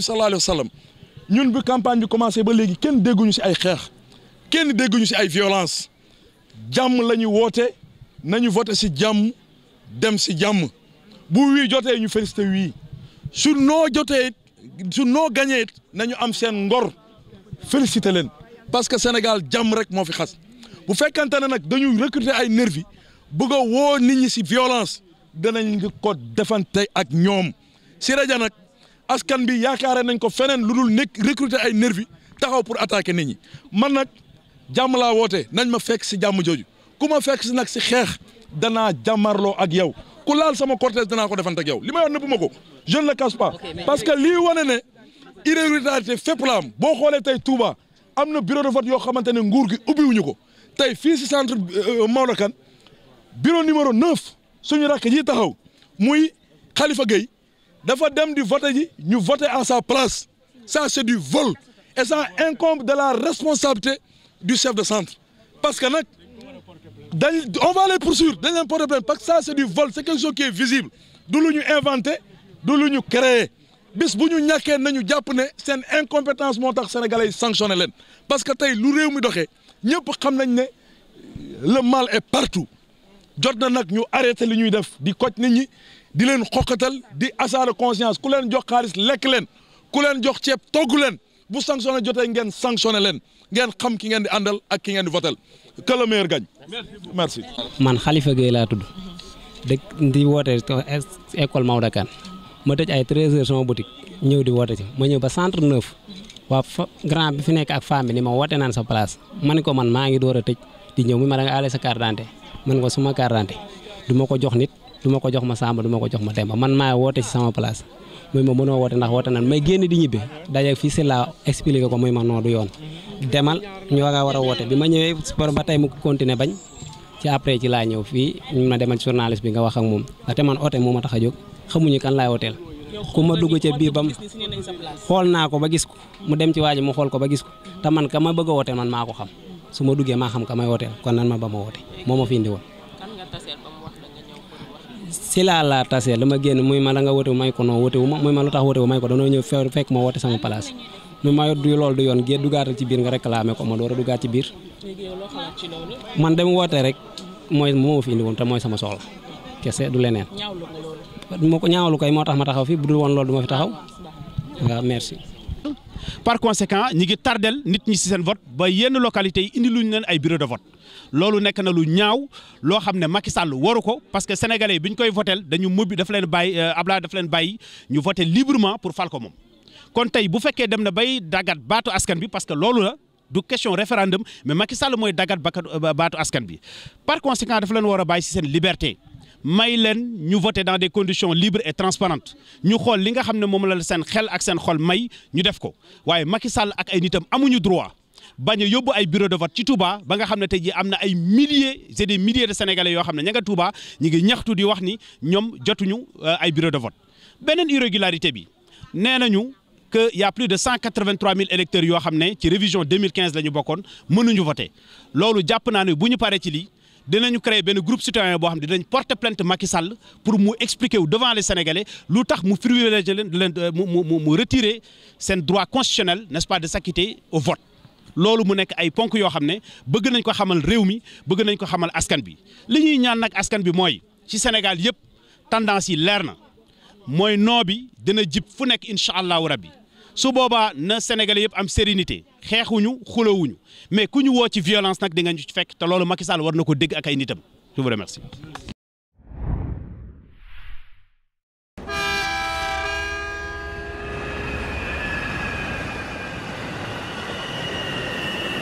bi sallallahu alayhi ñun bi campagne bi commencé ba léegi kenn dégguñu si ay xeex kenn dégguñu si ay violence jàmm la ñu woote nañu voté si jàmm dem si jàmm bu wii jotee ñu félicité wii su noo jotee su noo gañee nañu am seen ngor félicité leen parce que Sénégal jàmm rek moo fi xas bu fekkante ne nag dañu recruter ay nervi bëgg woo nit ñi si violence danañ ko defante ak ñoom si rajo nag. askan bi yaakaare nañ ko feneen lu dul nekk recruter ay nervi taxaw pour attaquer nit man nag jàmm laa woote nañ ma fekk si jàmm jooju ku ma fekk si nag si xeex danaa jàmmarloo ak yow ku laal sama cortège danaa ko defante ak yow li may wax nëbbu ma ko je ne le parce que lii wane ne i irrégularité fépp la am boo xoolee tey Touba am na bureau de vote yoo xamante ne nguur gi ubbiwuñu ko tey fii si centre euh, Maodo Kane bureau numéro 9 suñu rakk yi taxaw muy Khalifa Gueye dafa dem di voter ji ñu voter en sa place ça c'est du vol et ça incombe de la responsabilité du chef de centre parce que nag dañ on va les poursuivre dañ leen parce que ça c'est du vol c'est quelque chose qui est visible du lu ñu inventé du lu ñu créé bis bu ñu ñàkkee nañu jàpp ne seen incompétence moo tax sénégalais yi leen parce que tey lu réew mi doxee ñëpp xam nañ ne le mal est partout jot na nag ñu arrêté li ñuy def di koj nit ñi di leen xoqatal di asaare conscience ku leen jox xaalis lekk leen ku leen jox ceeb togg leen bu sanctionné jotee ngeen sanctionné leen ngeen xam ki ngeen di àndal ak ki ngeen di votel que le man xalifa géey laa tudd dëkk di woote école Maodo Kane ma tëj ay 13 heures sama ñëw di woote ci ma ñëw ba centre neuf waa grand bi fi nekk ak femme bi ni ma woote naan sa place ma ne ko man maa ngi door a tëj di ñëw mu ma da nga sa carte d'identité man ko suma carte du ma ko jox nit. du ma ko jox ma sàmba du ma ko jox ma demba man maa woote ci sama place muy ma woote ndax woote nan may génn di ñibbi daje fii si laa expliqué ko muy ma noo du yoon demal ñu nga war woote bi ma ñëwee par ba tey mu continuer bañ ci après ci laa ñëw fii ñu ma demal journaliste bi nga wax ak moom ndaxte man oote moo tax a xamuñu kan laay wooteel ku ma dugg ca biir ba mu xool naa ko ba gis ko mu dem ci waa ji mu ba gis te man ka ma bëgg a wooteel man maa ko xam su ma duggee maa xam ka may wooteel kon nan ma ba ma woote moo ma fi indi woon si laa laa tasee dama génn muy ma da nga wotewu may ko non wotewu ma muy ma lu tax wotewu may ko danoo ñëw fekk ma wote sama place muy ma du loolu du yoon gée dugaatal ci biir nga réclamé ko ma door a dugaat ci biir man dem woote rek mooy moo fi indi te mooy sama soxla kese du leneen ma ko ñaawlu kay moo tax ma taxaw fii bu dul woon loolu du ma fi taxaw ah, waaw merci par conséquent ñi ngi tardel nit ñi si seen vote ba yenn localités yi indi luñu leen ay bureau de vote loolu nekk na lu ñaaw loo xam ne Macky Sall waru ko parce que sénégalais yi bi ñu koy votel dañu mobi daf leen bàyyi euh, Ablaye daf leen bàyyi ñu voté librement pour fal ko moom kon tey bu fekkee dem na bay daggat baatu askan bi parce que loolu la du question référendum mais Macky Sall mooy dagat euh, baatu askan bi par conséquent daf leen war a bàyyi ci seen liberté may leen ñu voter dans des conditions libre et transparentes ñu xool li nga xam ne moom la seen xel ak seen xool may ñu def ko waaye Macky Sall ak ay nitam amuñu droit bañ a yóbbu ay bureau de vote ci Touba ba nga xam ne tey jii am na ay milliers c'est des milliers de sénégalais yoo xam ne ña nga Touba ñu ngi ñaxtu di wax ni ñoom jotuñu euh, ay bureau de vote beneen irrégularité bi nee nañu que y a plus de cent quatre vingt yoo xam ne ci révision 2015 la ñu bokkoon mënuñu voter loolu jàpp naa ne bu ñu paree ci lii. dinañu créer benn groupe citoyen boo xam ne dinañ porter plainte Macky Sall pour mu expliquer wu devant les Sénégalais lu tax mu privilégié leen leen euh, mu mu mu seen droit constitutionnel n'est-ce pas de s'acquitter au vote. loolu mu nekk ay ponk yoo xam ne bëgg nañ ko xamal réew mi bëgg nañ ko xamal askan bi li ñuy ñaan nag askan bi mooy ci Sénégal yëpp tendance yi leer na mooy noo bi dina jib fu nekk incha allahu rabbi su boobaa na Sénégalais yëpp am sérénité xeexuñu xulawuñu mais ku ñu woo ci violence nag di nga ñu fekk te loolu Macky Sall war na ko dégg ak ay nitam je vous